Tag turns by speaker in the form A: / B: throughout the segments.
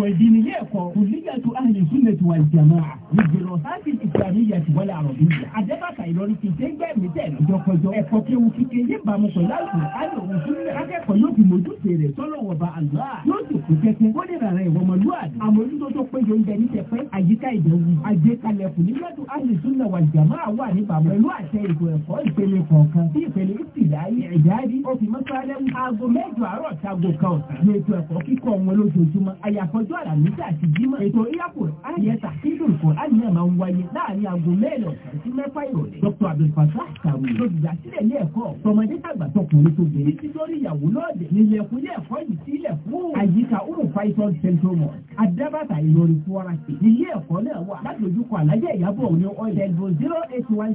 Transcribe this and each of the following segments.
A: ودينية كلية أهل السنة والجماعة للدراسات الإسلامية والعربية àdébàkà Ìlọrin ti ṣe ń gbẹ́ mí tẹ̀lé jọkọjọ ẹ̀kọ́ kí ewu kíkẹ́ yé bámu pẹ̀lú àlùkò àlò òṣùlẹ̀ akẹ́kọ̀ọ́ yóò fi mójútó rẹ̀ sọ́nà wọ̀ba àlùá yóò sì kú kẹ́kẹ́ ó lè rárá ìwọ̀n mọ̀lúwàdì àmójútó tó péye oúnjẹ ní tẹ̀pẹ́ àyíká ìdẹ̀wù àgbékalẹ̀kùn nílọ́dún ahlu sunna wal jamaa wà nípa pẹ̀lú àṣẹ ìgò ẹ̀kọ́ ìpele kọ̀ọ̀kan bí ìpele ìtìláyé ẹ̀jáde òfin mọ́sálẹ́mù aago mẹ́jọ àárọ̀ ṣaago kan ọ̀sán ní ètò ẹ̀kọ́ kíkọ́ wọn lójoojúmọ́ àyàfọ́ ọjọ́ àlàmísì àti jímọ̀ ètò ìyàpọ̀ ayẹta kíndùn kọ àníyàn máa ń wáyé láàrin aago mẹ́ẹ̀lọ̀ sí mẹ́fà ìrọ̀lẹ́ dr abdulfasa sàwé olùdásílẹ̀ ilé ẹ̀kọ́ tọmọdé tàgbà tọkùnrin tó bẹ̀rẹ̀ títí lórí ìyàwó lọ́ọ̀dẹ̀ nílẹ̀ fún ilé ẹ̀kọ́ yìí sí ilẹ̀ fún àyíká umu python central mall adabata ìlọrin fúnra sí ilé ẹ̀kọ́ náà wà ládojúkọ alájẹ ìyàbọ̀ ní ọ̀dẹ̀ ẹ̀dùn zero eight one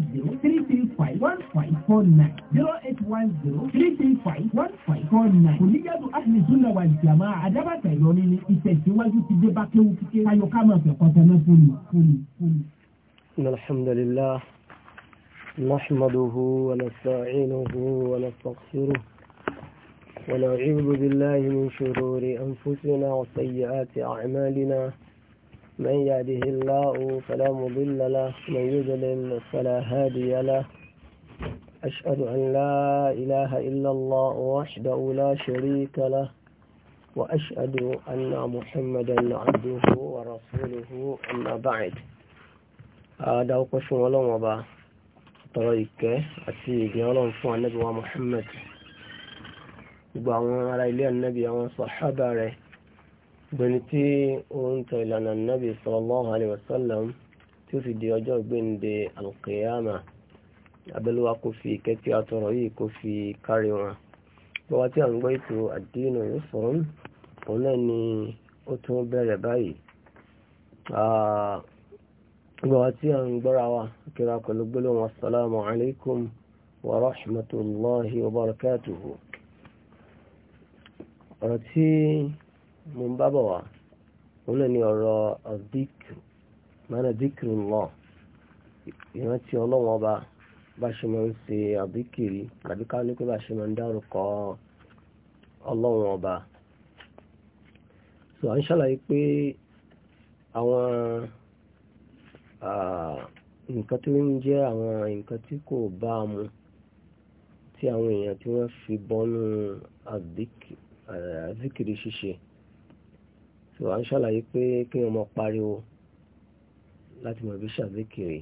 A: zero three three five àlùsùnà wà jàmá àdábàtà ìyọrí ni ìtẹ̀síwájú ti dé bá kéwú kíké ayọ̀ ká máa fẹ̀ kọ́tẹ́ náà fún mi fún mi fún
B: mi. alhamdulillah nahmaduhu wa nasta'inuhu wa nastaghfiruh wa na'udhu billahi min shururi anfusina wa sayyiati a'malina man yahdihi Allahu fala mudilla lahu man yudlil fala hadiya lahu أشهد أن لا إله إلا الله وحده لا شريك له وأشهد أن محمدا عبده ورسوله أما بعد هذا هو قسم الله وبا طريق أتيك يولون فوى النبي ومحمد وبعوان على إلي النبي وصحابة بنتي أنت إلى النبي صلى الله عليه وسلم تفيد يجوب بند القيامة abẹ́lúwa kò fi ìkẹ́ tí a tọrọ yìí kò fi kárí wọn gbọ́wọ́ tí a ń gbọ́ ètò àdínà yóò sọ̀rọ̀ òun náà ni ó tún bẹ̀rẹ̀ báyìí tí a ń gbọ́ra wa kíra pẹ̀lú gbólóhùn assalamu alaikum wa rahmatullahi wa barakatuhu ọ̀rọ̀ tí mo ń bábọ̀ wá òun náà ni ọ̀rọ̀ mana ìrántí ọlọ́wọ́n bá ṣe máa ń ṣe àbíkiri àbí ká ní pé bá máa ń dárúkọ ọlọ́run ọba so à ń ṣàlàyé pé àwọn nǹkan tó ń jẹ́ àwọn nǹkan tí kò bá a mu tí àwọn èèyàn tí wọ́n fi bọ́nú àzíkiri ṣíṣe so à ń ṣàlàyé pé kí wọ́n mọ pariwo láti mọ̀ bí ṣàzíkiri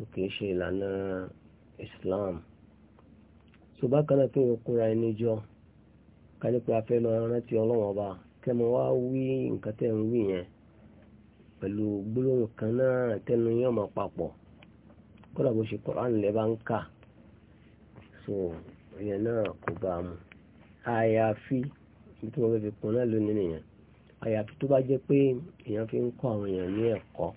B: so ṣe Islam so bákan náà kí n kóra ẹni jọ ká ní pé a fẹ́ lọ rántí ọlọ́wọ́n ọba kẹ́ mo wá wí nǹkan tẹ́ ń wí yẹn pẹ̀lú gbólóhùn kan náà so ìyẹn náà kò bá mu àyàfi ibi tí fẹ́ fi kún náà lónìí nìyẹn àyàfi tó bá jẹ́ pé èèyàn fi ń kọ́ àwọn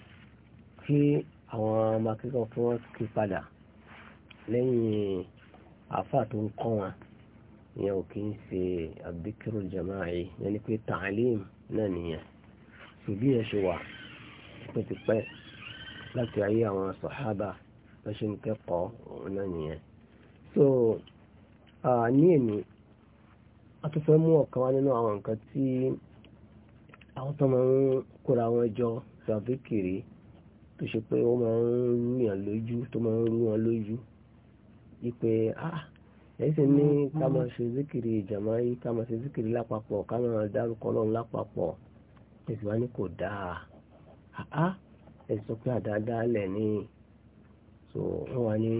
B: kí àwọn ọmọ akẹ́kọ̀ọ́ kí wọ́n kí padà lẹ́yìn àfà tó ń kọ́ wọn ìyẹn ò kí ń ṣe àbíkírù jamaa yìí yẹn ni pé tààlìm náà nìyẹn ṣùgbí yẹn ṣe wà pẹ́tipẹ́ láti ayé àwọn sọ̀hábà bá ń kẹ́kọ̀ọ́ náà nìyẹn so ní èmi a tún fẹ́ mú ọ̀kan wá nínú àwọn nǹkan tí àwọn tó máa ń kóra wọn jọ sàfikiri tó ṣe pé ó máa ń rú yàn lójú tó máa ń rú wọn lójú wípé ah ẹ̀sìn ní ká máa ṣe zikiri ìjàmá yìí ká máa ṣe zikiri lápapọ̀ ká máa dárúkọ ọlọ́run lápapọ̀ ẹ̀sìn wá ní kò dáa ah ẹ̀sìn sọ pé àdáadáa lẹ̀ ní so wọ́n wá ní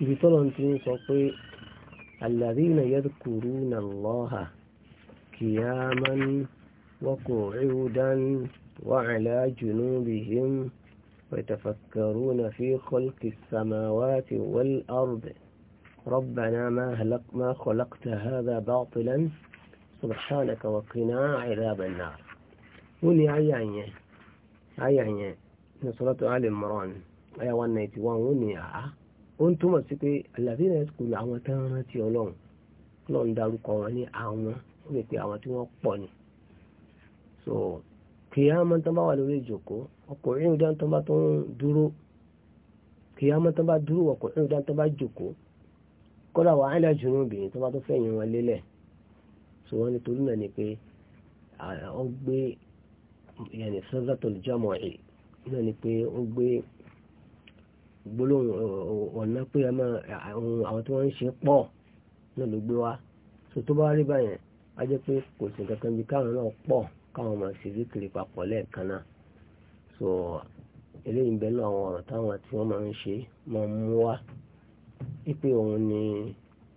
B: ibi tọ́lọ̀ ti ń sọ pé alladhina yadhkuruna Allaha qiyaman wa qu'udan wa ala junubihim. ويتفكرون في خلق السماوات والأرض ربنا ما, هلق ما خلقت هذا باطلا سبحانك وقنا عذاب النار وني عيانية عيانية نصرة آل عمران آية 191 وني عا أنتم سيكي الذين يذكرون àwọn تيولون لون دارو قواني Ọlọ́run dárúkọ wọn ní àwọn so kìyàmọ́ tán bá wà lórí ìjòkó ọkọ̀ ìrìn ìdá tán bá tó ń dúró kìyàmọ́ tán bá dúró ọkọ̀ ìrìn ìdá tán bá jòkó kọ́dà wà áìlà jùlọ obìnrin tán bá tó fẹ̀yìn wọn lélẹ̀ so wọ́n ní torí náà ni pé ó gbé yẹnì sọ́dọ̀tò jámọ̀ ẹ̀ náà ni pé ó gbé gbólóhùn ọ̀nà pé àwọn tí wọ́n ń ṣe pọ̀ náà ló gbé wá so tó bá rí báyẹn á jẹ́ pé kò sí kankan bí káwọn náà pọ̀ káwọn máa ṣe zikiri papọ̀ lẹ́ẹ̀kan náà so eléyìí ń bẹ náà àwọn ọ̀rọ̀ táwọn tí wọ́n máa ń ṣe máa ń mú wá wípé òun ni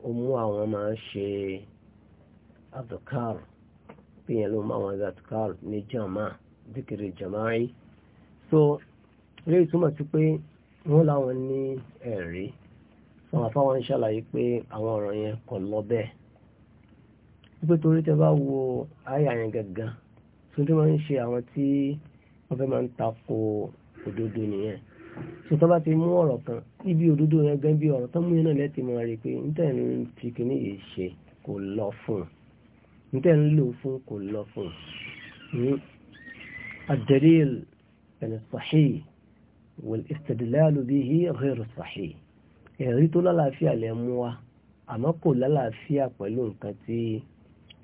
B: ó mú àwọn máa ń ṣe azukar bí yẹn ló máa wọn azukar ní jama zikiri jama'i so eléyìí túmọ̀ sí pé wọ́n láwọn ní ẹ̀rí wọn àfáwọn ń ṣàlàyé pé àwọn ọ̀rọ̀ yẹn kò lọ bẹ́ẹ̀ wípé torí tẹ bá wo àyà yẹn gangan tó tó máa ń ṣe àwọn tí wọ́n fẹ́ máa ń tako òdodo nìyẹn tó tó bá ti mú ọ̀rọ̀ kan níbi òdodo yẹn gan bí ọ̀rọ̀ tó mú yẹn náà lẹ́tì máa rí i pé níta ń fi yìí ṣe kò lọ fún un lò fún kò lọ fún un. الدليل يعني الصحيح والاستدلال به غير الصحيح ẹ̀rí tó lálàáfíà lẹ mú wa àmọ́ kò lálàáfíà pẹ̀lú nǹkan tí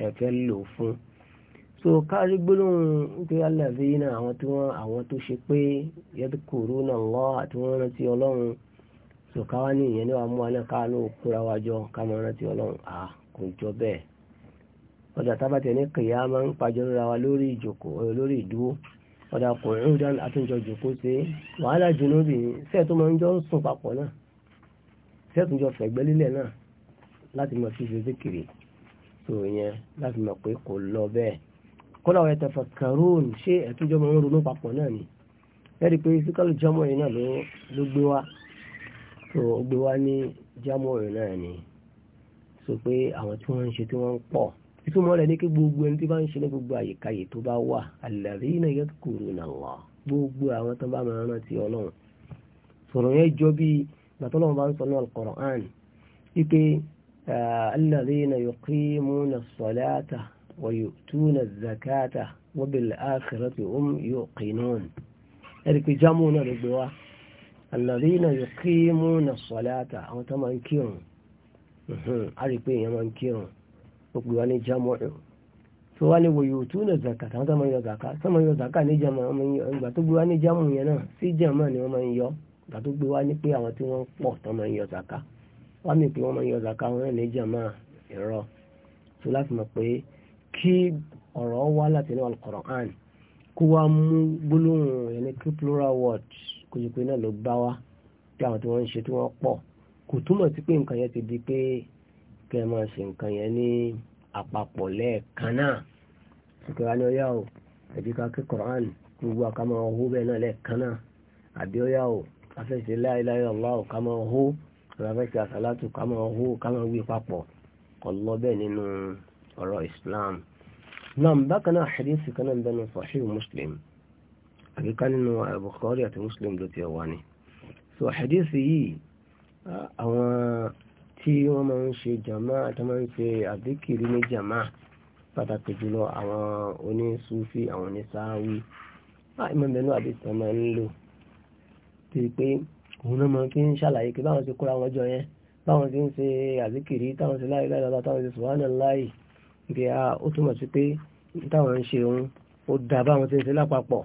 B: ẹ fẹ́ lò fún so kárí gbólóhùn nítorí aláàbí náà àwọn tí wọ́n àwọn tó ṣe pé yadkuruna Allah àti wọ́n rántí ọlọ́run so káwá ní ìyẹn níwàá mú wa náà káwá ló kóra wa jọ ká máa rántí ọlọ́run à kò jọ bẹ́ẹ̀ ọjà tábàtẹ̀ ní kìyà máa ń pàjọ́ ra wa lórí ìjòkó eh, lórí ìdúró ọ̀dà kùnrin ìdáná àtúnjọ jòkó ṣe wàhálà jùlọ bì í sẹ́ẹ̀ tó máa ń jọ sùn papọ̀ náà sẹ́ẹ̀ tó ń jọ fẹ̀gbẹ́ lílẹ̀ náà láti mọ̀ sí ṣe zikiri so ìyẹn láti mọ̀ pé kò lọ bẹ́ẹ̀ kọ́lá ọ̀rẹ́ tẹ̀fà karol ṣé ẹ̀túnjọ́ mọ̀ ń ronú papọ̀ náà ni ẹ̀rí pé fíkàlù jámọ̀ yìí náà ló gbé wá tó gbé wá ní jámọ̀ yìí náà ni sọ pé àwọn tí wọ́n ń ṣe tí wọ́n ń pọ̀ ìtumọ̀ rẹ̀ ní kí gbogbo ẹni tí bá ń ṣe ní gbogbo àyíkáyè tó bá wà alladhina yadhkuruna Allah gbogbo àwọn tó bá máa rántí ọlọ́run sọ̀rọ̀ yẹn jọ bí gbàtọ́lọ́run al-Qur'an wípé alladhina yuqimuna as-salata ويؤتون الزكاة وبالآخرة هم يوقنون ẹ̀rìkì jámù náà ló gbé wá alladhina yuqimuna as-salata àwọn tó máa ń kírun a rí pé èèyàn máa ń kírun ó gbé wá ní jámù ọ̀rọ̀ tó wá ní wayutuna zaka àwọn tó máa ń yọ zaka tó máa ń yọ zaka ní jama ìgbà tó gbé wá ní jámù yẹn náà sí jama ni wọ́n máa ń yọ ìgbà tó gbé wá ní pé àwọn tí wọ́n pọ̀ tó máa ń yọ zaka wá mi pé wọ́n máa ń yọ zaka wọn ní jama ìrọ̀ tó láti mọ̀ pé kí ọ̀rọ̀ wá láti inú al-Qur'an kó wá mú gbólóhùn ẹni kí plural word kò jẹ́ pé náà ló bá wá bí àwọn tí wọ́n ń ṣe tí wọ́n pọ̀ kò túmọ̀ sí pé nǹkan yẹn ti di pé kẹ́ ẹ máa ṣe nǹkan yẹn ní àpapọ̀ lẹ́ẹ̀kan náà ìkẹ́ra ní ọyá o ẹ̀jẹ̀ ká kí Qur'an gbogbo àkàmọ́ ọ̀hún bẹ́ẹ̀ náà lẹ́ẹ̀kan náà àbí ọyá o afẹ́sẹ̀ la ilaha illallah kàmọ́ ọ̀hún afẹ́sẹ̀ àsálátù kàmọ́ ọ̀hún kàmọ́ wí papọ̀ kọ̀ lọ ọ̀rọ̀ islam náà bákan náà hadith kan náà bẹnu sahih muslim àbíká nínú bukhari àti muslim ló ti wà ní so hadith yìí àwọn tí wọ́n máa ń ṣe jama àti máa ń ṣe àdíkìrí ní jama pàtàkì jùlọ àwọn onísúfí àwọn onísáwí ah, ìmọ̀ bẹnu hadith kan máa ń lò ti pé òun náà máa kí ń ṣàlàyé pé báwọn ti kóra wọn jọ yẹn báwọn ti ń ṣe àdíkìrí táwọn ti láyé láyé láyé táwọn ti sùwánà láyé bí a ó túmọ̀ sí pé táwọn ń ṣe òun ó dá báwọn ń ṣe lápapọ̀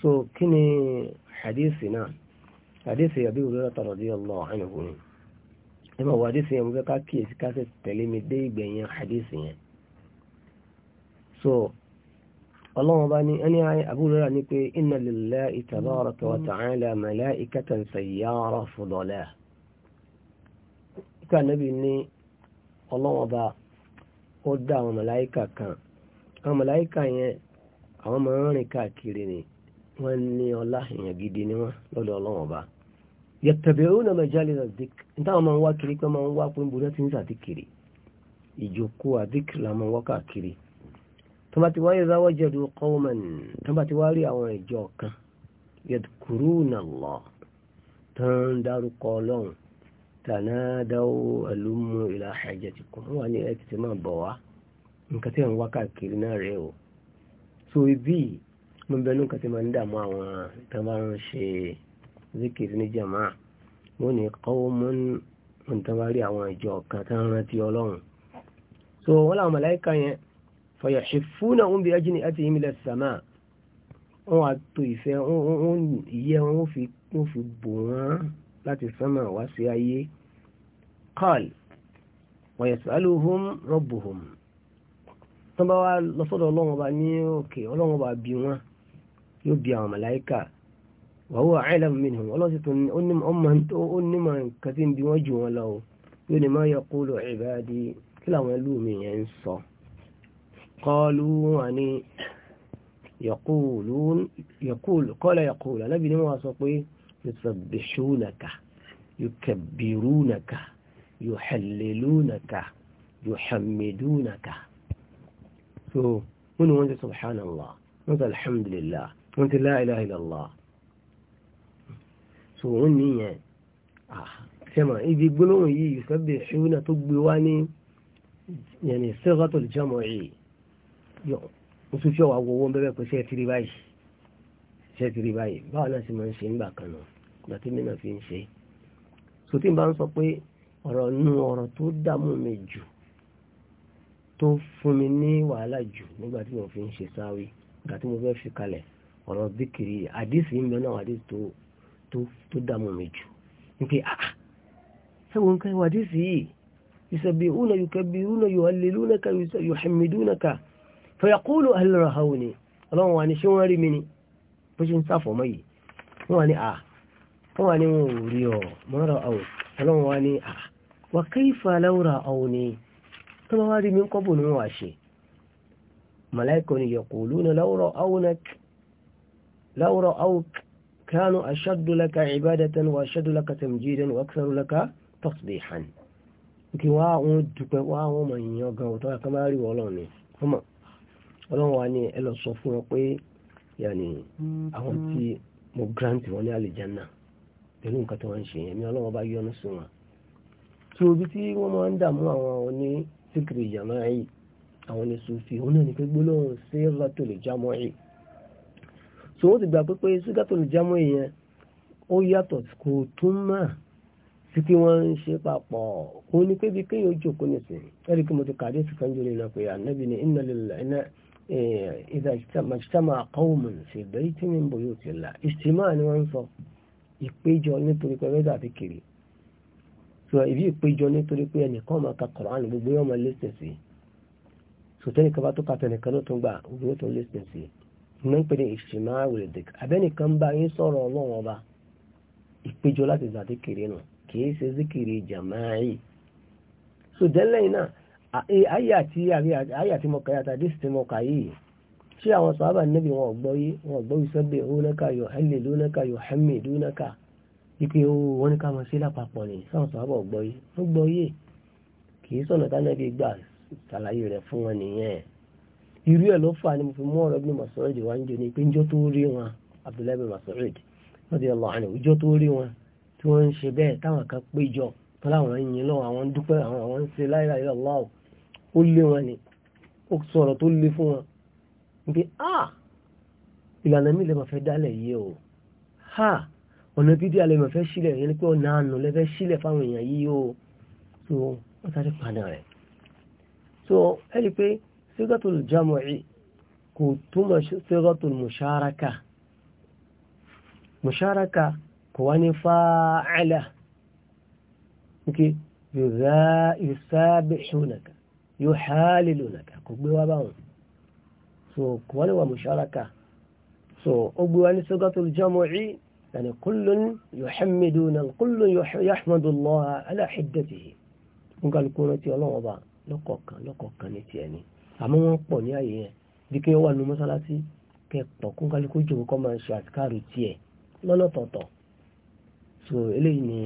B: so kí ni hadisi náà hadisi àbí òrùlé ọ̀tọ̀rọ̀ dí ọlọ́ àyànfò ni ẹ máa wọ hadisi yẹn mo fẹ́ ká kíyèsí ká tẹ̀lé mi dé ìgbẹ̀yìn hadisi yẹn so ọlọ́run bá ní ẹni àbúrẹ́rà ní pé inna lillahi tabaraka wa ta'ala malaikatan sayyara fudala. ìkànnì ní ó dá àwọn màláíkà kan àwọn màláíkà yẹn àwọn máa ń rìn káàkiri ni wọ́n ní ọlá èèyàn gidi ni wọ́n lọ́dọ̀ ọlọ́wọ́n ọba yattabi'una majalisa zik nítawọn máa ń wá kiri pé máa ń wá pé ń burú ti ń sàdíkiri ìjókòó àdíkì la máa ń wá káàkiri tó bá ti wáyé ráwọ́ jẹ̀dù qawman tó bá ti wá rí àwọn ìjọ kan yadkuruna Allah tó ń dárúkọ ọlọ́run tànádáwó ẹlòmú ìlà hajatikum wà ní ẹ tètè máa bọ̀ wá nǹkan tí ń wá káàkiri náà rẹ o so ibi mo bẹ ní nǹkan tí máa ń dààmú àwọn tá máa ń ṣe zikiri ní jama wọn ni qawmun ń tán bá rí àwọn ìjọ kan tán rántí ọlọ́run so wọn làwọn màláíkà yẹn fayahifuna ń bí ajínì àti ìmìlẹ̀ sàmà wọn wá tó ìfẹ́ wọn ìyẹ́ wọn fi bò wọn láti sánmà wá sí ayé. قال ويسألهم ربهم tó bá wá lọ sọ́dọ̀ ọlọ́run ọba ní òkè ọlọ́run ọba bí wọn yóò bí àwọn màláíkà wa huwa a'lamu minhum ọlọ́sìn tó onímọ̀ nǹkan tí ń bí wọ́n jù wọn lọ yóò ní ma yaqulu ibadi kí làwọn ẹlú mi yẹn ń sọ qalu wọn ni yaqulun yaqulu qala alábìnrin wọn sọ pé yusabbihunaka yukabbirunaka yuhallilunaka yuhammidunaka so wọ́n ni wọ́n ti subhanallah wọ́n ti alhamdulillah wọ́n ti la ilaha illallah so wọ́n ni yẹn sẹ́mà ah, ibi gbólóhùn yìí yusabbihuna tó gbé wá ní yẹni sighatul jam'i wọ́n tún fi ọwọ́ agbowó bẹ́bẹ̀ pé ṣe tiri báyìí ṣe tiri báyìí báwọn náà sì máa ń ṣe nígbà kan náà gbàtí mi náà fi ń ṣe so tí n bá ń ọ̀rọ̀ nú ọ̀rọ̀ tó dààmú mi jù tó fún mi ní wàhálà jù nígbà tí mo fi ń ṣe sáwé nígbà tí mo fẹ́ fi kalẹ̀ ọ̀rọ̀ bíkiri àdìsí ń bẹ náà àdìsí tó tó tó dààmú mi jù nípe ah sẹ́wọ̀n nǹkan ìwà àdìsí yìí يسبئون يكبرون يهللونك يحمدونك فيقول أهل رهوني ọlọ́run wà ní ṣé wọ́n rí mi ni bó ṣe ń sáfọ̀ mọ́ yìí wọ́n wà ní à ah, wọ́n wà ní wọn ò rí ọ̀ mọ́ra àwọ̀ ọlọ́run wa ní à ah, wà kayfa law ra'awni tó bá wá rí mi ń kọ́ bò ní wọ́n wà ṣe màláìkọ̀ ni yaquluna law ra'awnak law ra'awk kanu ashaddu laka ibadatan wa àwọn dúpẹ́ wá àwọn ọmọ èèyàn gan ọ̀tọ́ kan bá mm-hmm. mo grant wọn ní àlìjánnà pẹ̀lú nǹkan tí wọ́n ń ṣe yẹn mi ọlọ́wọ́ bá yọ́nú sí wọn. tí obi tí wọ́n máa ń dààmú àwọn oní síkìrì ìjàmọ́ yìí àwọn ní sufi òun náà ní pé gbólóhùn sí rọ́tòlù jámọ́ yìí. so wọ́n ti gbà pé pé sí rọ́tòlù jámọ́ yìí yẹn ó yàtọ̀ kò tún mà sí pé wọ́n ń ṣe papọ̀ ó ní pé bí kéèyàn jókòó nìsín ẹ̀rí kí mo ti kàdé sí kan jùlọ pé ànábì ní inna lillahi eh, idha ijtama qawmun fi baytin min buyutillah ìṣtìmá ni wọ́n ń sọ ìpéjọ nítorí pé ẹgbẹ́ àti kiri so ìbí ìpéjọ nítorí pé ẹnìkan máa ka Kùránì gbogbo yóò máa lẹ́sẹ̀ sí sòtẹ́nì kan bá tó kàtẹ́ nìkan ló tún gbà gbogbo yóò tún lẹ́sẹ̀ sí iná ń pè ní ìṣìmá wèlèdèk abẹ́nìkan bá yín sọ̀rọ̀ ọlọ́run ọba ìpéjọ láti zàdí kiri nù kì ṣe zikiri jàmáì so dẹ́lẹ́yìn náà ayé àti ayé àti mọ̀kàyà àti àdéṣì tí mọ̀kàyà yìí tí àwọn sàábà níbi wọn gbọ́yé wọn gbọ́ ìsọ́bẹ̀ òunaka yọ̀hẹ́lẹ̀ lónaka yọ̀hẹ́mẹ̀ lónaka wípé ó wọ́n ní ká mọ̀ sí lápapọ̀ ní sáwọn sàábà gbọ́yé wọ́n gbọ́yé kì í sọ̀nà tánàbí gbà sàlàyé rẹ̀ fún wọn nìyẹn irú ẹ̀ ló fà ní mo fi mú ọ̀rọ̀ Ibn Mas'ud wá ń jò ní pé njọ́ tó rí wọn Abdullahi ibn Mas'ud ìjọ tó rí wọn tí ni ó sọ̀rọ̀ tó lé fún wọn pé ah ìlànà mi lẹ́mọ̀ fẹ́ dálẹ̀ yìí o ha ọ̀nà bídí alẹ́mọ̀ fẹ́ sílẹ̀ yẹn ni pé ọ̀nà àánú lẹ́fẹ́ sílẹ̀ fáwọn èèyàn yìí o so wọ́n sáré padà rẹ̀ so ẹni pé sigatul jam'i kò túmọ̀ sigatul musharaka musharaka kò wá ní fa'ala nke yóò zá yóò sábẹ̀ ṣúnaka yóò hálìlúnaka kò gbé wá báwọn so kò wọ́n lè musharaka so ó gbé wá ní sọ́gátòlù jam'i yàní kullun yuhamiduna kullun yahmadullaha ala hiddatihi nǹkan lukúrò tí ọlọ́wọ́ bá lọ́kọ̀ọ̀kan lọ́kọ̀ọ̀kan ní tiẹ̀ ni àmọ́ wọ́n pọ̀ ní àyè yẹn bí kí wọ́n wà ní mọ́sálásí kẹpọ̀ kún kálukú jòkó kọ́ máa ń ṣe àtikárù tiẹ̀ lọ́nà tọ̀tọ̀ so eléyìí ni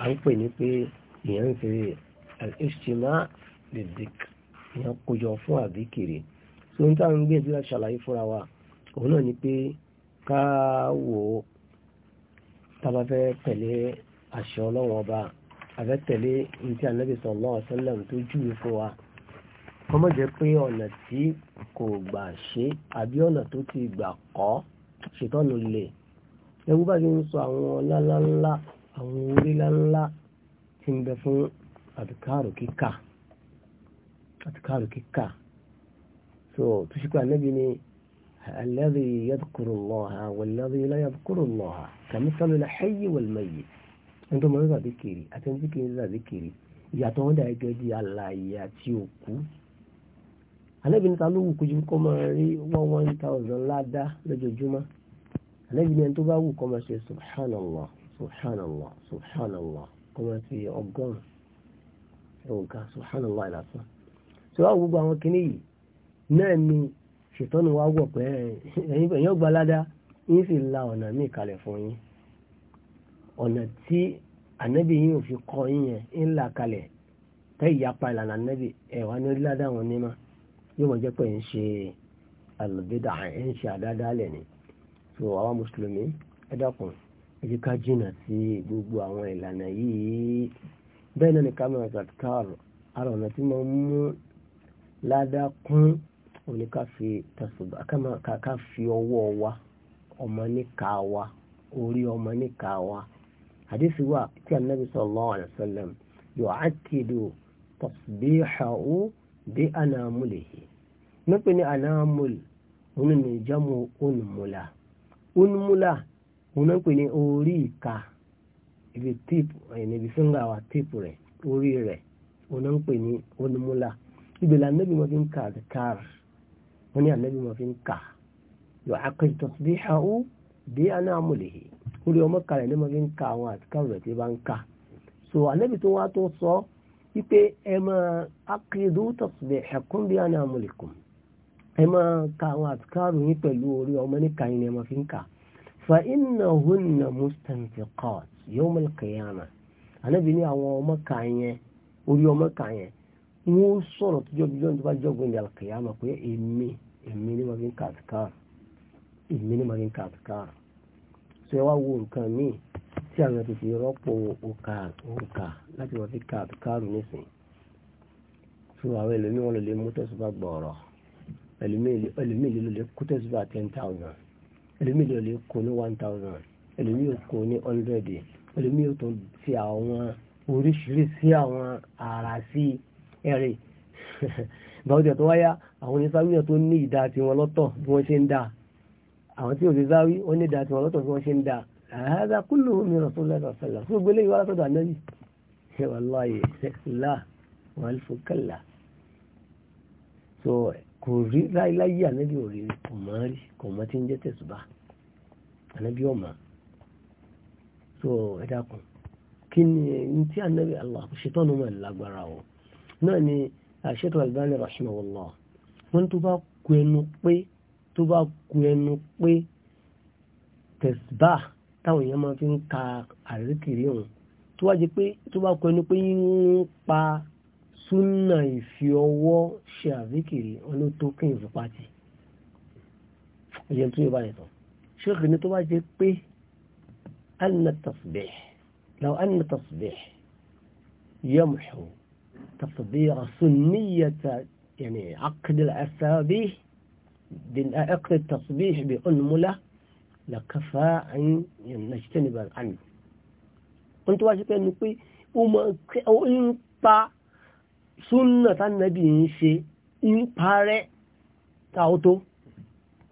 B: à ń pè ní pé ìyẹn ń fi al-ijtima' lil-dhikr ìyẹn kójọ fún àbíkiri so n táwọn gbìyànjú láti ṣàlàyé fúnra wa òun náà ni pé ká wò ó tábà fẹ́ tẹ̀lé àṣẹ ọlọ́wọ́n ọba àfẹ́ tẹ̀lé ní ti ànábì sallallahu alaihi wasallam tó júwe fún wa wọ́n mọ̀ jẹ́ pé ọ̀nà tí kò gbà ṣe àbí ọ̀nà tó ti gbà kọ́ ṣètọ́nù lè ẹwú bá ti ń sọ àwọn ọláńlá àwọn oríláńlá ti ń bẹ fún àtìkáàrò kíkà àtìkáàrò kíkà so tó ṣe pé ànábì ni alladhi yadhkuru Allaha walladhi la yadhkuru Allaha kamathali al-hayyi wal-mayyit ẹni tó mọ̀ nípa zikiri àti ẹni tí kì í nípa zikiri ìyàtọ̀ wọn dàí gẹ́gẹ́ bí alààyè àti òkú ànábì níta ló wù kó ju kọ́ máa rí one one thousand ládá lójoojúmọ́ ànábì ní ẹni tó bá wù kọ́ máa subhanallah subhanallah subhanallah kọ́ máa ṣe ọgọ́rùn-ún ẹ̀wọ̀n ká subhanallah ìlàsán. sọ wá gbogbo àwọn kinní náà ni ṣètọ́nù wa wọ̀ pé ẹ̀yin ọgbà ládá yín sì la ọ̀nà míì kalẹ̀ fún yín ọ̀nà tí ànábì yín ò fi kọ́ yín yẹn ń là kalẹ̀ tẹ́ ìyapa ìlànà ànábì ẹ̀wà ní orílẹ̀-èdè àwọn onímọ̀ yóò mọ̀ jẹ́ pé ń ṣe àlùbídà ń ṣe àdádálẹ̀ ni so àwa mùsùlùmí ẹ dákun ẹ ká jìnnà sí gbogbo àwọn ìlànà yìí bẹ́ẹ̀ náà ni ká máa ṣàtúkàrọ̀ àrọ̀nà tí mo mú ládàá kún oni ni ká fi tẹ̀sùbà ká fi ọwọ́ wa ọmọ níka wa orí ọmọ níka wa àdéhùn wa tí anabi sallallahu alaihi wasallam yu'akkidu tasbihahu bí anamulihi nípe ni anamul òun ni jamu unmula unmula òun náà pè ní orí ìka ibi tíìpù ẹ̀yìnbí fíńgà wa tíìpù rẹ̀ orí rẹ̀ òun pè ní unmula ìgbèlà nẹ́bí wọn fi ń ka àdìkárì wọ́n ní ànábì máa fi ń kà yọ àkàtì tọ́síbí ha ó bí aná amúlèyé ó lè ọmọ kalẹ̀ ní máa fi ń ka àwọn àtikáwò rẹ̀ tí bá ń kà so ànábì tó wá tó sọ wípé ẹ máa àkìdú tọ́síbí ẹ̀kún bí aná amúlèkùn ẹ máa ka àwọn àtikáwò yín pẹ̀lú orí ọmọ níka yín ni ẹ máa fi ń kà fa iná hun na mustanfiqat yóò mọ̀ kẹyàmà ànábì ní àwọn ọmọ kà orí ọmọ kà wọ́n sọ̀rọ̀ tó jọ́ bí jọ́ nípa jọ́gbìn ní alkèyàmà pé èmi èmi ní màá fi ń kàtìkà èmi ní màá fi ń kàtìkà so ẹ wá wo nǹkan míì tí àwọn ti fi rọ́pò òǹkà òǹkà láti wọ́n fi kàtìkà rù nísìn so àwọn ẹlòmíì wọn lò lè mú tẹ̀síbà gbọ̀ọ̀rọ̀ ẹlòmíì lè lè kú tẹ̀síbà ten thousand ẹlòmíì lè lè kó ní one thousand ẹlòmíì kó ní hundred ẹlòmíì tó fi àwọn oríṣiríṣi àwọn àrà sí ẹ̀rẹ̀ ìgbàwọ́dẹ̀ tó wáyá àwọn oníṣàwíyàn tó ní ìdá tí wọn lọ́tọ̀ bí wọ́n ṣe ń dá àwọn tí òṣìṣàwí ó ní ìdá tí wọn lọ́tọ̀ bí wọ́n ṣe ń dá àhádá kúlù mi rọ̀ tó lẹ́rọ̀ so kò rí láyé ànábì ò rí kò mọ́ rí kò mọ́ tí so ẹ dákun kí ni tí ànábì Allah ṣetán náà lágbára o náà ni àṣẹ́tò Albani rahimahullah wọ́n tó bá ku ẹnu pé tó bá ku ẹnu pé tẹ̀síbà táwọn èèyàn máa fi ń ka àríkìrí òun tó wá jẹ pé tó bá ku ẹnu pé ń pa súnà ìfi ọwọ́ ṣe àríkìrí wọn ló tó kí n fi pati ẹ̀yẹ́ tó yẹ báyìí tán ṣéèkì ni tó bá jẹ pé anna tasbih law anna tasbih yamhu تطبيق سنية يعني عقد الأسابيح عقد التصبيح بأنملة لكفاء أن نجتنب عنه كنت واجب أن نقول وما أو إن با سنة النبي شيء إن بارع تاوتو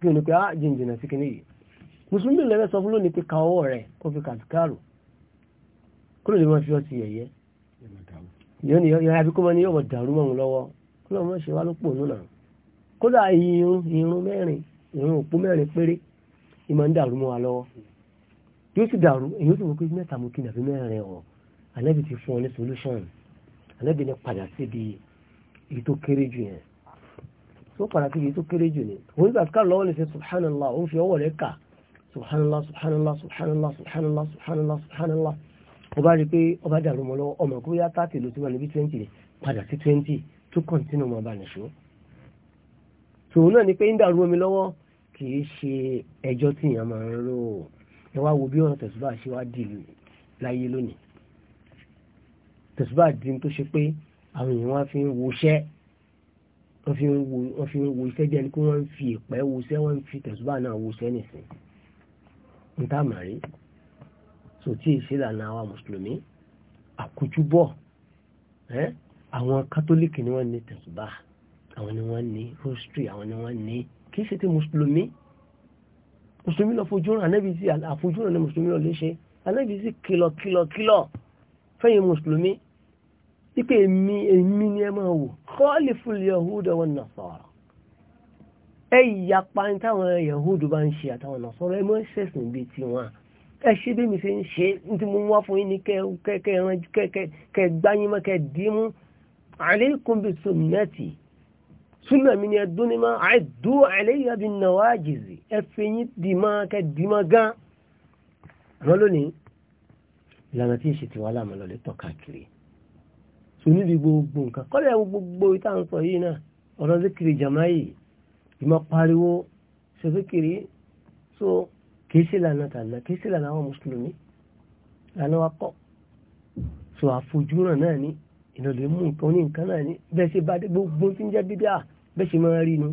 B: kí o ní pé á jìnjìnà sí kìíní yìí mùsùlùmí lẹ́rẹ́ sọ fún lónìí pé kàwọ́ rẹ̀ yóò ní yọrí àbí kó mọ ní yóò mọ dàrú mọ òun lọ́wọ́ kó lọ mọ ṣe wá lópò òun náà kódà irun irun mẹ́rin irun òpó mẹ́rin péré ìmọ̀ ń dàrú mọ́ wa lọ́wọ́ yóò sì dàrú èyí ó sì wọ́n pé mẹ́ta mo kí nàbí mẹ́rin ọ̀ alẹ́bí ti fún ọ ní solution alẹ́bí ni padà síbi èyí tó kéré jù yẹn tó padà síbi èyí tó kéré jù ni òun gbà ká lọ́wọ́ ní subhanallah òun fi ọwọ́ rẹ̀ kà subhanallah subhanallah subhanallah subhanallah subhanallah subhanallah ó bá rí pé ọba dàrú mọ́ lọ́wọ́ ọmọ kó yá tààtì ló ti wà níbi twenty rẹ̀ padà sí twenty tó kọ̀ǹtínú ọmọ balẹ̀ ṣó. tòun náà ni pé ń dàrú omi lọ́wọ́ kì í ṣe ẹjọ́ tí èèyàn máa ń rò ẹ wá wo bí ọ̀rọ̀ tẹ̀sùbà ṣe wá dì láyé lónìí tẹ̀sùbà dín tó ṣe pé àwọn èèyàn wá fi ń woṣẹ́ wọ́n fi ń wo iṣẹ́ bí ẹni pé wọ́n fi ìpẹ́ woṣẹ́ wọ́n fi tẹ̀sùbà náà woṣẹ́ nìsín ń tá màrí so tí ìṣẹ́lànà àwa mùsùlùmí àkójúbọ̀ àwọn kátólíkì ni wọ́n ní tẹ̀sùbá àwọn ni wọ́n ní rosary àwọn ni wọ́n ní kìí ṣe ti mùsùlùmí mùsùlùmí lọ fojúràn anábì sí àfojúràn ní mùsùlùmí lọ lè ṣe anábì sí kìlọ̀ kìlọ̀ kìlọ̀ fẹ́yìn mùsùlùmí ipe èmi èmi ni ẹ máa wò khaliful yahuda wan nasara ẹ yapa táwọn yahudu bá ń ṣe àtàwọn nasara ẹ mọ́ ṣẹ̀sìn bíi tiwọn ẹ ṣe bí mi ṣe ń ṣe tí mo ń wá fún yín ní kẹ gbáyín mọ́ kẹ dìímú alaykum bi sunnati súnà mi ni ẹdún ní máa àìdú alayya bin nawajiz ẹ fi yín dìímọ́ kẹ dìímọ́ gan àwọn lónìí ìlànà tí ìṣètì wà láàmú lọ lè káàkiri tó níbi gbogbo nǹkan kọ́lẹ̀ ẹ̀wọ̀n gbogbo ìta ń sọ yìí náà ọ̀rọ̀ zikiri jama yìí ìmọ̀ pariwo ṣe zikiri so kìí sí lànà tànà kìí sí lànà àwọn mùsùlùmí lànà wa kọ́ so àfojúràn náà ni ìlọ̀lẹ̀ mú nǹkan ní nǹkan náà ni bẹ́ẹ̀ sí bá dé gbogbo tí ń jẹ́ bídà bẹ́ẹ̀ sì máa rí nu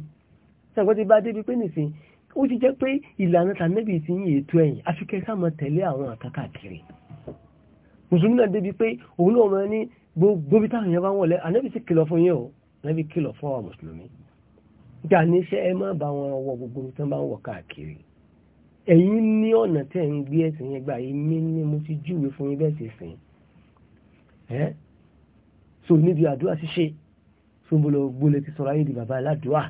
B: sàgbọ́n ti bá dé bí pé nìsín ó ti jẹ́ pé ìlànà tànẹ́bì ti yìn ètò ẹ̀yìn afikẹ́ sáàmọ́ tẹ̀lé àwọn àkàkàkiri mùsùlùmí náà débi pé òun náà máa ní gbogbo bí táwọn èèyàn bá wọlé ànẹ́bì sì kìlọ̀ fún yín o ànẹ́bì kìlọ̀ fún àwọn mùsùlùmí gbà níṣẹ́ ẹ má bá wọn wọ gbogbo tí wọ́n bá ń wọ káàkiri ẹ̀yin ní ọ̀nà tẹ́ ń gbé ẹ̀sìn yẹn gbà èmi ni mo ti júwe fún yín bẹ́ẹ̀ sì sìn ẹ́ so níbi àdúrà ṣíṣe tó ń bọ́ lọ gbólẹ̀ ti sọ̀rọ̀ ayé di bàbá aládùá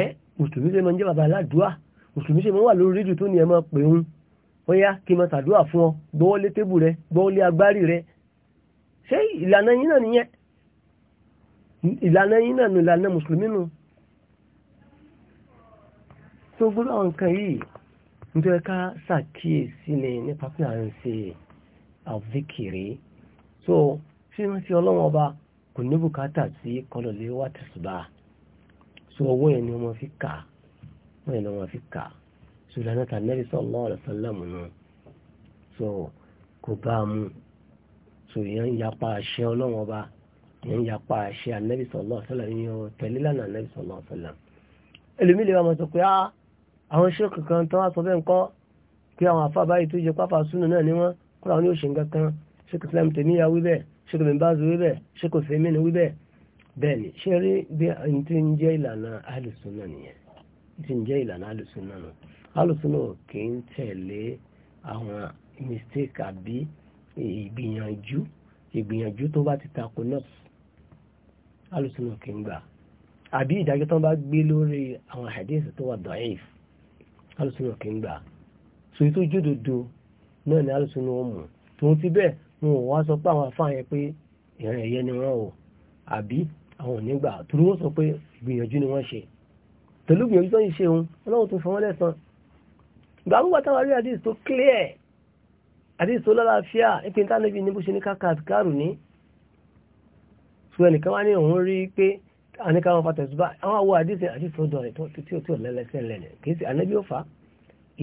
B: ẹ́ mùsùlùmí ṣe máa ń jẹ́ bàbá aládùá mùsùlùmí ṣe máa ń wà lórí rédíò tó ní ẹ máa pè ń bóyá kí n máa ṣàdúrà fún ọ gbọ́wọ́ lé tébù rẹ gbọ́wọ́ agbárí rẹ ṣé ìlànà yín náà nìyẹn ìlànà yín náà nù mùsùlùmí nù tó gbọ́dọ̀ àwọn nǹkan yìí nítorí ká ṣàkíyèsí ni nípa pé à ń ṣe àvíkìrí so ṣé wọ́n ti ọlọ́wọ́n ọba kò ní bùkátà sí kọlọ̀lé wà tẹ̀sùbà so owó yẹn ni wọ́n fi kà wọ́n yẹn ni wọ́n fi kà so ìlànà tàbí sallallahu alaihi wasallam náà so kò bá a mú so ìyẹn ń yapa àṣẹ ọlọ́wọ́n ọba ìyẹn ń yapa àṣẹ Ànábì sallallahu alaihi wasallam ìyẹn tẹ̀lé lánàá Ànábì sallallahu alaihi wasallam ẹlòmíì lè wà máa àwọn ṣókè kan tó wá sọ bẹ́ẹ̀ ń kọ́ pé àwọn afá báyìí tó jẹ pápá súnú náà ni wọ́n kúrò àwọn oṣù nǹkan kan ṣókè Islam tèmíyà wí bẹ́ẹ̀ ṣókè bẹ́ńbáàzù wí bẹ́ẹ̀ ṣókè fèmínú bẹ́ẹ̀ ni ṣé rí bí ẹni tí ń jẹ́ ìlànà alùsùn náà nìyẹn tí ń jẹ́ ìlànà alùsùn náà nù alùsùn náà kì í tẹ̀lé àwọn mistake àbí ìgbìyànjú ìgbìyànjú tó bá ti tako náà alùsùn náà kì í gbà àbí ìdájọ́ tó bá gbé lórí àwọn hadith tó wà da'if alùsùn òkè ń gbà so ètò ìjódodo náà ni alùsùn wọn mú tòun ti bẹ́ẹ̀ wọn ò wá sọ pé àwọn afáàyàn pé ìrìn ẹ̀yẹ ni wọ́n o àbí àwọn onígbà torí wọ́n sọ pé ìgbìyànjú ni wọ́n ṣe pẹ̀lú ìgbìyànjú tó ń ṣe òun ọlọ́run tó fọ wọ́n lẹ́sàn gbàgbọ́gbà táwọn rí àdìs tó clear àdìs tó lálàáfíà ìpínlẹ̀ níbi ní bó ṣe ní káàkiri ní sọ ẹnìkan wá ní òun rí pé àníkàwọn fa tẹ̀sùbá àwọn àwọ àdíṣẹ́ àdíṣẹ́ ọdọ̀ rẹ̀ tí ó tí ó lẹ́lẹ́sẹ̀ lẹ́lẹ̀ kìí sí ànábí ó fa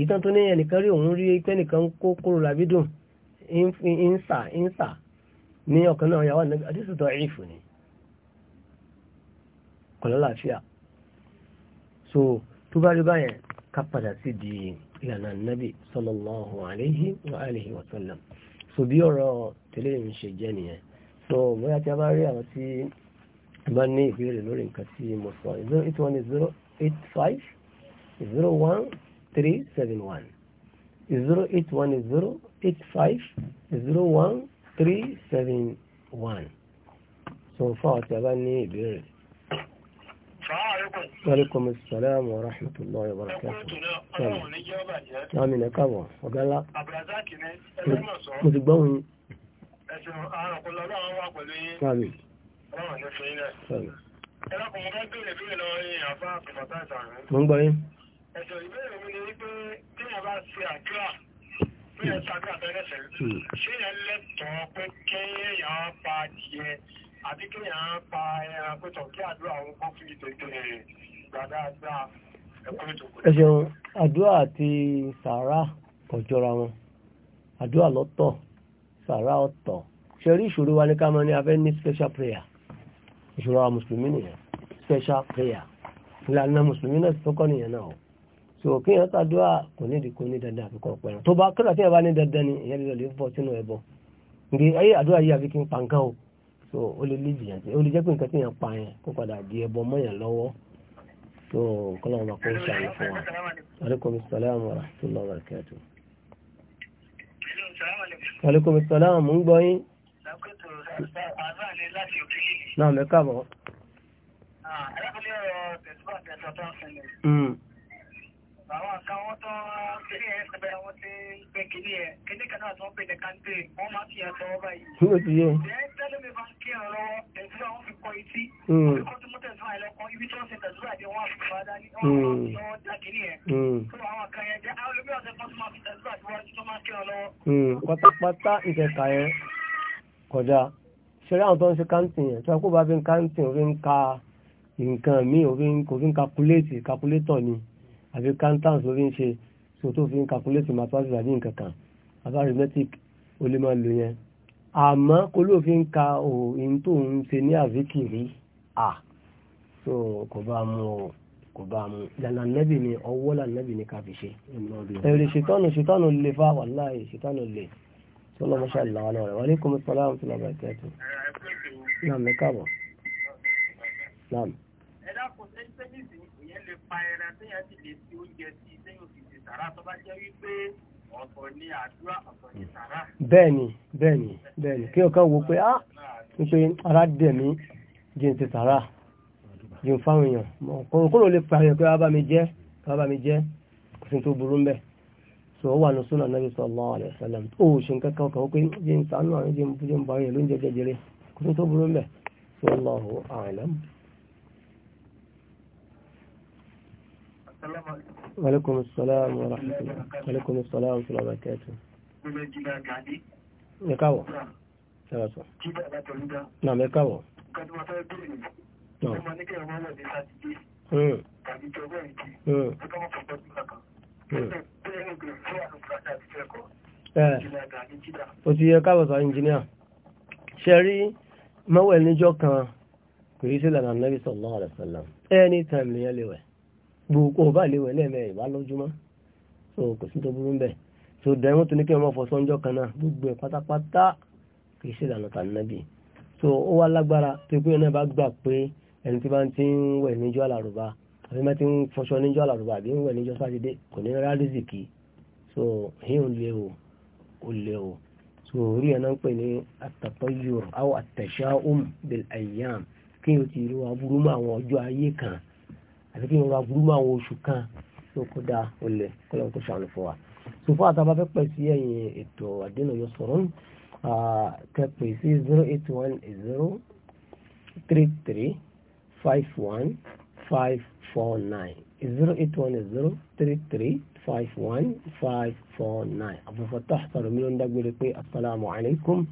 B: ìtàn tó ní ẹnìkan rí òun rí pé nìkan kó kúrò làbídùn ìǹsà ìǹsà ní ọ̀kan náà yàwó àdíṣẹ́ tó ni so tó bá rí báyẹn ká padà sí di ìlànà ànábì sallallahu alaihi wa alihi so bí ọ̀rọ̀ tẹ́lẹ̀ bá ní ìbéèrè lórí nǹkan tí mo sọ zero eight one zero eight five zero one three seven one zero eight one zero eight five zero one three seven one so fáwọn tí a bá ní wa rahmatullahi wa barakatuh. Láàmì ní káàbọ̀, ọ̀gá ńlá.
A: Mo ti gbọ́ wọn. Ẹ̀sùn àrùn kò àwọn wà pẹ̀lú yín. Mo
B: ń gbọ́ yín. Ẹ̀sọ̀ ìbéèrè mi ni wípé tí
A: a bá ṣe àdúrà fún hmm. ẹ̀sọ̀ àdúrà
B: tẹ́lẹ̀sẹ̀, hmm. ṣé yẹn lẹ́tọ̀ọ́ pé kí èèyàn pa adìyẹ àti kí èèyàn pa ẹran pé tọ̀ kí àdúrà òun kó fi tètè gbàdáadáa ẹ̀kọ́ ìtòkò. Ẹ ṣeun, àdúrà àti sàárà kò jọra wọn. Àdúrà lọ́tọ̀, sàárà ọ̀tọ̀. Ṣé ìṣòro wa ní ká máa ní abẹ́ ní special prayer? ìṣòro àwọn mùsùlùmí nìyẹn special prayer ìlànà mùsùlùmí náà tó kọ́ nìyẹn náà so kí èèyàn ṣàdúrà kò ní ìdíkò ní dandan àfikọ́ pẹ̀rẹ̀ tó bá kọ́lá tí èèyàn bá ní dandan ni èèyàn lè lè bọ́ sínú ẹbọ nge ayé àdúrà yìí àfi kí n o so ó lè léjì yàn tí ó lè jẹ́ pé nǹkan tí èèyàn pa yẹn kó padà di ẹbọ mọ́yàn lọ́wọ́ so kọ́lá wọn bá kó fún wa aleykum salaam wa rahmatullahi wa barakatuh. aleykum salaam ń gbọ́ yín náà lè káàbọ̀. alábílẹ̀
A: ọ̀rọ̀ tẹ̀síwá tẹ̀sọ̀ tó ń sinmi. àwọn kan wọ́n wọ́n ti gbé kiri ẹ̀ kiri kan náà tó ń pè ní kante wọ́n máa fi ẹ̀sọ́ ọba yìí. ó ti yé. ẹ̀ tẹ́lẹ̀ mi bá ń kí ọ̀rọ̀ tẹ̀síwá wọn fi kọ etí. kó tó mú tẹ̀síwá ẹ̀ ibi tí wọ́n ti tẹ̀síwá dé wọ́n fi fa dání. wọ́n dá kiri
B: ẹ̀ ṣẹlẹ̀ àwọn tó ń ṣe káńtìn yẹn tó ẹ kó bá fi ń káńtìn òfin ka nǹkan míì òfin kò fi ń kakuléètì kakulétọ̀ ni àbí káńtàǹsì òfin ṣe tó tó fi ń kakuléètì mathematics àbí nǹkan kan àbá arithmetic ó lè máa lò yẹn àmọ́ kó ló fi ń ka òhìn tó ń ṣe ní àzíkìrí à tó kò bá mú o kò bá mú lànà nẹ́bì ni ọwọ́ lànà nẹ́bì ni ká fi ṣe ẹ̀rẹ̀ ṣètọ́nù ṣètọ́nù lè fa wàláì ṣètọ́nù lè sọlọ mọṣẹ àlùwà náà وعليكم السلام ní kọmọ sọlá àwọn tìlọ bẹẹ kẹtù náà mi káàbọ̀ náà. ẹ dákun ṣe sẹ́yìnsì ìyẹn lè pa ẹran tẹ́yà sì lè fi oúnjẹ sí i sẹ́yìn òsì ti kí ọkàn wo pé ah n ṣe ara dẹ̀ mí jẹ́ ti sàrà jẹ́ fáwọn èèyàn kó ló lè pa pé wàá bá mi jẹ́ wàá tó burú mbẹ́ẹ̀ so wà ní súnà nàbí sallallahu alaihi wasallam ó ṣe nǹkan kan kan pé jẹ́ ń sànú àwọn jẹ́ ń bú jẹ́ ń bá yẹn ló ń jẹ́ jẹjẹrẹ kò tún tó burú mẹ́ wallahu a'lam. Aleykum salaam wa rahmatulah. Aleykum salaam wa rahmatulah. Ẹ káwọ̀. Ẹ wá sọ. Nà mẹ káwọ̀.
A: Nà. Eh, ó
B: ti yẹ káàbọ̀sọ̀ engineer ṣe rí mọ́wẹ̀ níjọ́ kan kò yí sílẹ̀ náà Nabi sallallahu alaihi wasallam anytime ni ẹ lè wẹ̀ gbogbo bá lè wẹ̀ lẹ́ẹ̀mẹ́ ìwá so kò sí tó burú ń bẹ̀ so dẹ̀wọ́n tó ní kí wọ́n fọ sọ́njọ́ kan náà gbogbo ẹ̀ pátápátá kì í Nabi so ó wá lágbára tó pé ẹ̀ náà bá gbà pé ẹni tí bá ń ti àbí mẹ́tí ń fọṣọ níjọ́ àlàrúbà àbí ń wẹ̀ níjọ́ sátidé kò ní rárá rìsìkì so híhùn lé o ó lé o so orí ẹ̀ náà ń pè ní at-tatayyur aw at-tasha'um bil-ayyam kí o ti rí wa burú mọ́ àwọn ọjọ́ ayé kan àti kí o ra burú mọ́ àwọn oṣù kan tó kó dá o lẹ̀ kó lọ́n kó ṣàánú fún wa so fún àtàbà fẹ́ pẹ̀ sí ẹ̀yìn ètò àdénà yóò sọ̀rọ̀ kẹpẹ̀ sí zero eight one zero three three five one five أبو فتح ترميلون دقوا السلام عليكم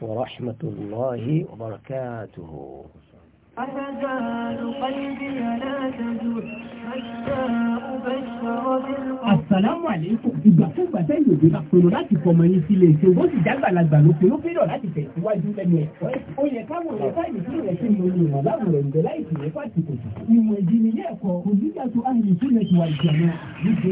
B: ورحمة الله وبركاته
A: Àsàlámù àlékún ìgbàkúgbà sẹ́yìn òde bá pinnu láti fọmọ yín sílé ṣe wọ́n sì jágbàlagbà ló pinnu fẹ́rọ̀ láti tẹ̀síwájú lẹ́nu ẹ̀kọ́ ẹ̀. káwọn ọ̀rẹ́ sáyìn sí sí mo rẹ̀ fàtìkù. Ìmọ̀ ìjìnlẹ̀